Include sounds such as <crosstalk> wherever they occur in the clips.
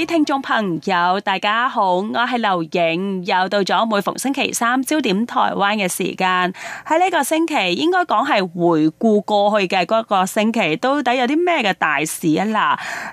啲聽眾朋友，大家好，我係劉穎，又到咗每逢星期三焦點台灣嘅時間。喺呢個星期，應該講係回顧過去嘅嗰個星期到底有啲咩嘅大事啊，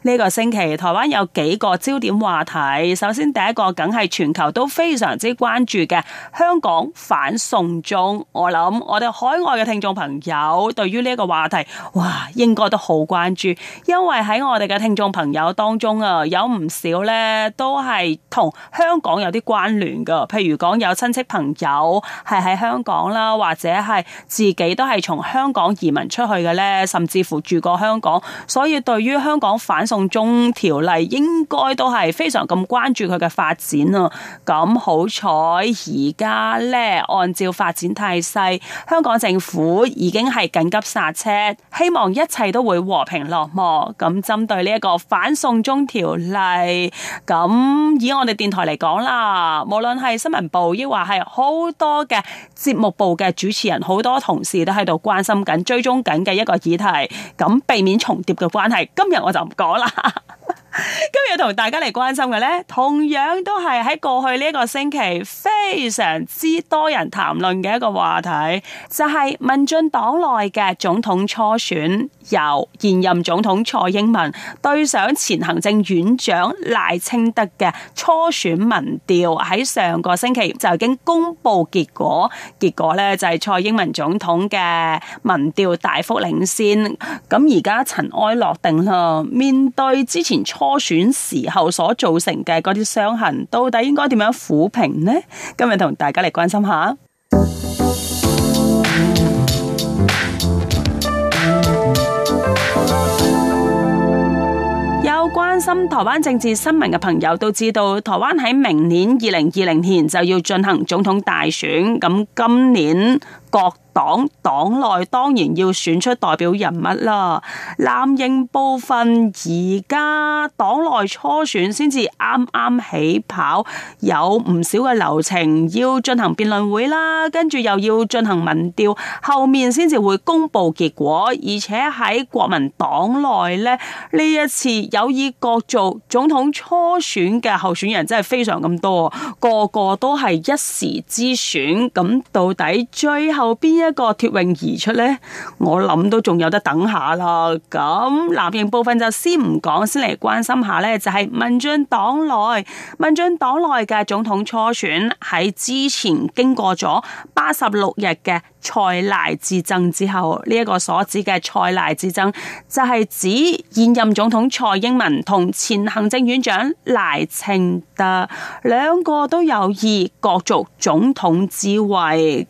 嗱呢個星期台灣有幾個焦點話題，首先第一個梗係全球都非常之關注嘅香港反送中。我諗我哋海外嘅聽眾朋友對於呢個話題，哇，應該都好關注，因為喺我哋嘅聽眾朋友當中啊，有唔。少咧都係同香港有啲關聯噶，譬如講有親戚朋友係喺香港啦，或者係自己都係從香港移民出去嘅咧，甚至乎住過香港，所以對於香港反送中條例，應該都係非常咁關注佢嘅發展啊。咁好彩而家咧，按照發展態勢，香港政府已經係緊急剎車，希望一切都會和平落幕。咁針對呢一個反送中條例。係咁，以我哋電台嚟講啦，無論係新聞部亦或係好多嘅節目部嘅主持人，好多同事都喺度關心緊、追蹤緊嘅一個議題，咁避免重疊嘅關係，今日我就唔講啦。今日同大家嚟關心嘅呢，同樣都係喺過去呢一個星期非常之多人談論嘅一個話題，就係民進黨內嘅總統初選，由現任總統蔡英文對上前行政院長賴清德嘅初選民調喺上個星期就已經公布結果，結果呢就係蔡英文總統嘅民調大幅領先，咁而家塵埃落定啦。面對之前初初選時候所造成嘅嗰啲傷痕，到底應該點樣撫平呢？今日同大家嚟關心下。 <music> 有關心台灣政治新聞嘅朋友都知道，台灣喺明年二零二零年就要進行總統大選，咁今年各黨黨內當然要選出代表人物啦，藍營部分而家黨內初選先至啱啱起跑，有唔少嘅流程要進行辯論會啦，跟住又要進行民調，後面先至會公佈結果。而且喺國民黨內咧，呢一次有意角逐總統初選嘅候選人真係非常咁多，個個都係一時之選，咁到底最後邊一？一個脫穎而出呢，我諗都仲有得等下啦。咁藍營部分就先唔講，先嚟關心一下呢，就係、是、民進黨內，民進黨內嘅總統初選喺之前經過咗八十六日嘅蔡賴之爭之後，呢、這、一個所指嘅蔡賴之爭，就係指現任總統蔡英文同前行政院長賴清德兩個都有意角逐總統之位。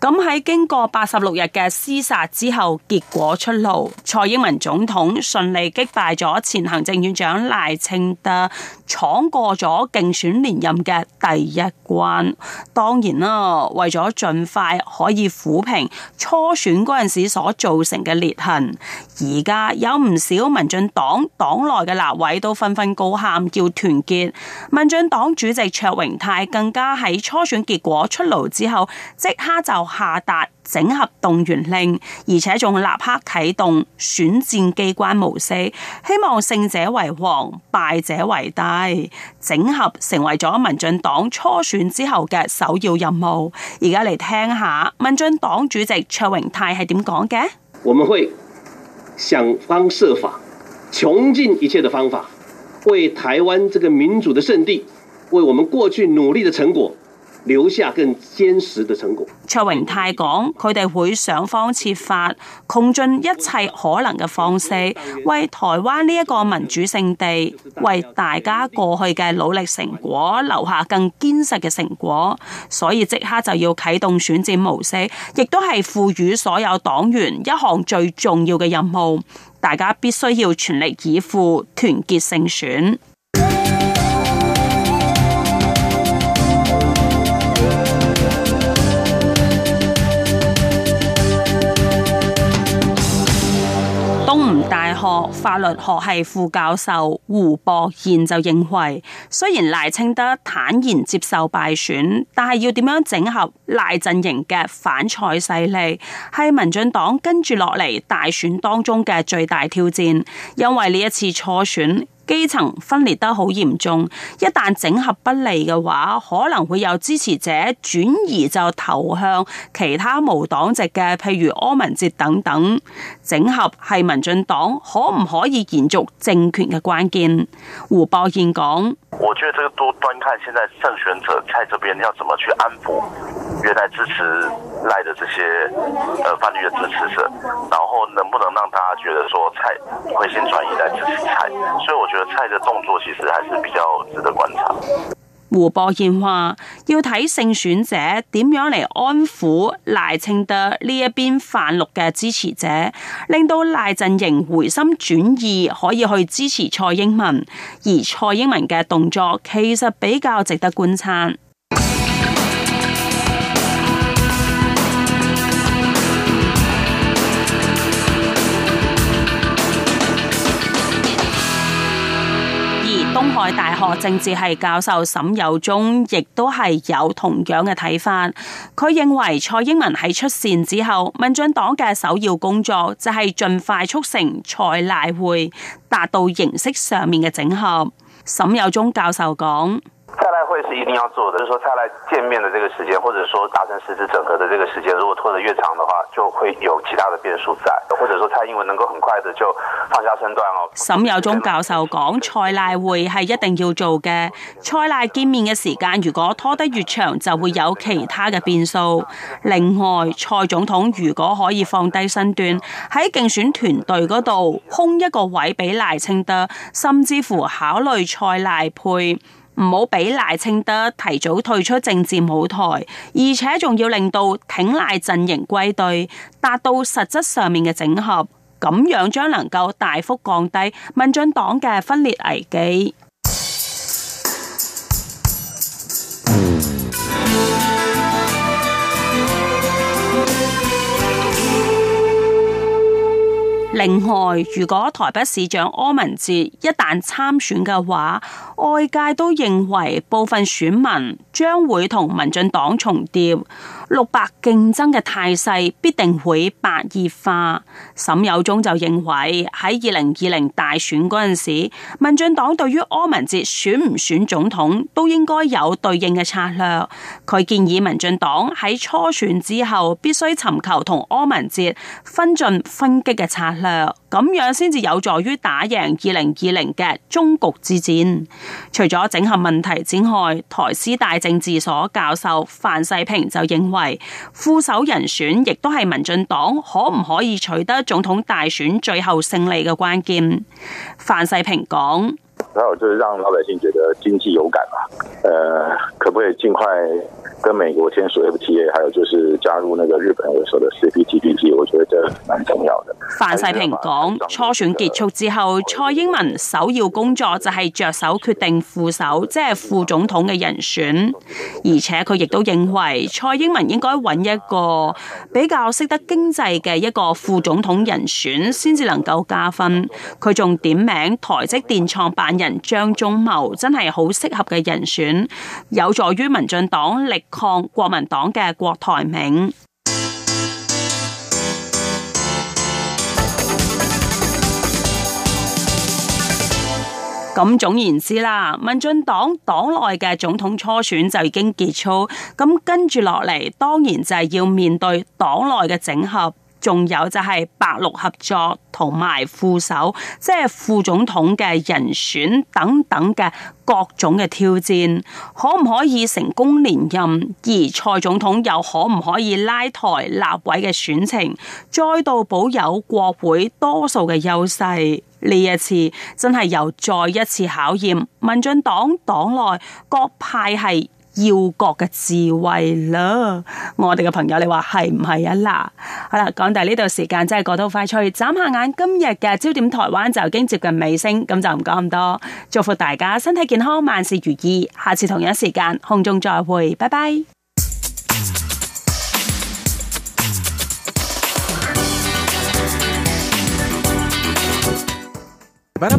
咁喺經過八十六日嘅廝殺之後，結果出爐，蔡英文總統順利擊敗咗前行政院長賴清德，闖過咗競選連任嘅第一關。當然啦，為咗盡快可以撫平初選嗰陣時所造成嘅裂痕。而家有唔少民進黨黨內嘅立委都紛紛高喊叫團結，民進黨主席卓榮泰更加喺初選結果出爐之後，即刻就下達整合動員令，而且仲立刻啟動選戰機關模式，希望勝者為王，敗者為帝。整合成為咗民進黨初選之後嘅首要任務。而家嚟聽下民進黨主席卓榮泰係點講嘅。我們會。想方設法，窮盡一切的方法，為台灣這個民主的聖地，為我們過去努力的成果。留下更堅實的成果。卓榮泰講：佢哋會想方設法，窮盡一切可能嘅方式，為台灣呢一個民主聖地，為大家過去嘅努力成果留下更堅實嘅成果。所以即刻就要啟動選戰模式，亦都係賦予所有黨員一項最重要嘅任務。大家必須要全力以赴，團結勝選。法律學系副教授胡博賢就認為，雖然賴清德坦然接受敗選，但係要點樣整合賴陣營嘅反蔡勢力，係民進黨跟住落嚟大選當中嘅最大挑戰，因為呢一次初選。基層分裂得好嚴重，一旦整合不利嘅話，可能會有支持者轉移就投向其他無黨籍嘅，譬如柯文哲等等。整合係民進黨可唔可以延續政權嘅關鍵。胡博賢講：我覺得這個都端看現在勝選者在這邊要怎麼去安撫。原來支持賴的這些，呃，泛綠的支持者，然後能不能讓大家覺得說蔡回心轉意來支持蔡？所以我覺得蔡的動作其實還是比較值得觀察。胡博硯話：要睇勝選者點樣嚟安撫賴清德呢一邊泛綠嘅支持者，令到賴陣營回心轉意，可以去支持蔡英文。而蔡英文嘅動作其實比較值得觀察。東海大學政治系教授沈有忠亦都係有同樣嘅睇法，佢認為蔡英文喺出線之後，民進黨嘅首要工作就係盡快促成蔡賴會達到形式上面嘅整合。沈有忠教授講。蔡賴會是一定要做的，就說蔡賴見面的這個時間，或者說達成實質整合的這個時間，如果拖得越長的話，就會有其他的變數在，或者說蔡英文能夠很快的就放下身段哦。沈有忠教授講，蔡賴會係一定要做嘅，蔡賴見面嘅時間如果拖得越長，就會有其他嘅變數。另外，蔡總統如果可以放低身段，喺競選團隊嗰度空一個位俾賴清德，甚至乎考慮蔡賴配。唔好俾賴清德提早退出政治舞台，而且仲要令到挺賴陣營歸隊，達到實質上面嘅整合，咁樣將能夠大幅降低民進黨嘅分裂危機。另外，如果台北市長柯文哲一旦參選嘅話，外界都認為部分選民將會同民進黨重疊。六百競爭嘅態勢必定會白熱化。沈有忠就認為喺二零二零大選嗰陣時，民進黨對於柯文哲選唔選總統都應該有對應嘅策略。佢建議民進黨喺初選之後必須尋求同柯文哲分進分擊嘅策略。咁樣先至有助於打贏二零二零嘅中局之戰。除咗整合問題之外，台師大政治所教授范世平就認為，副手人選亦都係民進黨可唔可以取得總統大選最後勝利嘅關鍵。范世平講。還有就是讓老百姓覺得經濟有感嘛，呃可不可以盡快跟美國簽署 FTA，還有就是加入那個日本為首的 CPTPP 我覺得這蠻重要的。范世平講初選結束之後，蔡英文首要工作就係着手決定副手，即係副總統嘅人選。而且佢亦都認為蔡英文應該揾一個比較識得經濟嘅一個副總統人選，先至能夠加分。佢仲點名台積電創辦人。張忠謀真係好適合嘅人選，有助於民進黨力抗國民黨嘅郭台銘。咁 <music> 總言之啦，民進黨黨內嘅總統初選就已經結束，咁跟住落嚟，當然就係要面對黨內嘅整合。仲有就係白綠合作同埋副手，即係副總統嘅人選等等嘅各種嘅挑戰，可唔可以成功連任？而蔡總統又可唔可以拉台立委嘅選情，再度保有國會多數嘅優勢？呢一次真係又再一次考驗民進黨黨內各派系。要國嘅智慧啦，我哋嘅朋友，你話係唔係啊？嗱，好啦，講到呢度時間真係過到快脆，眨下眼今日嘅焦點台灣就已經接近尾聲，咁就唔講咁多，祝福大家身體健康，萬事如意，下次同樣時間空中再會，拜拜。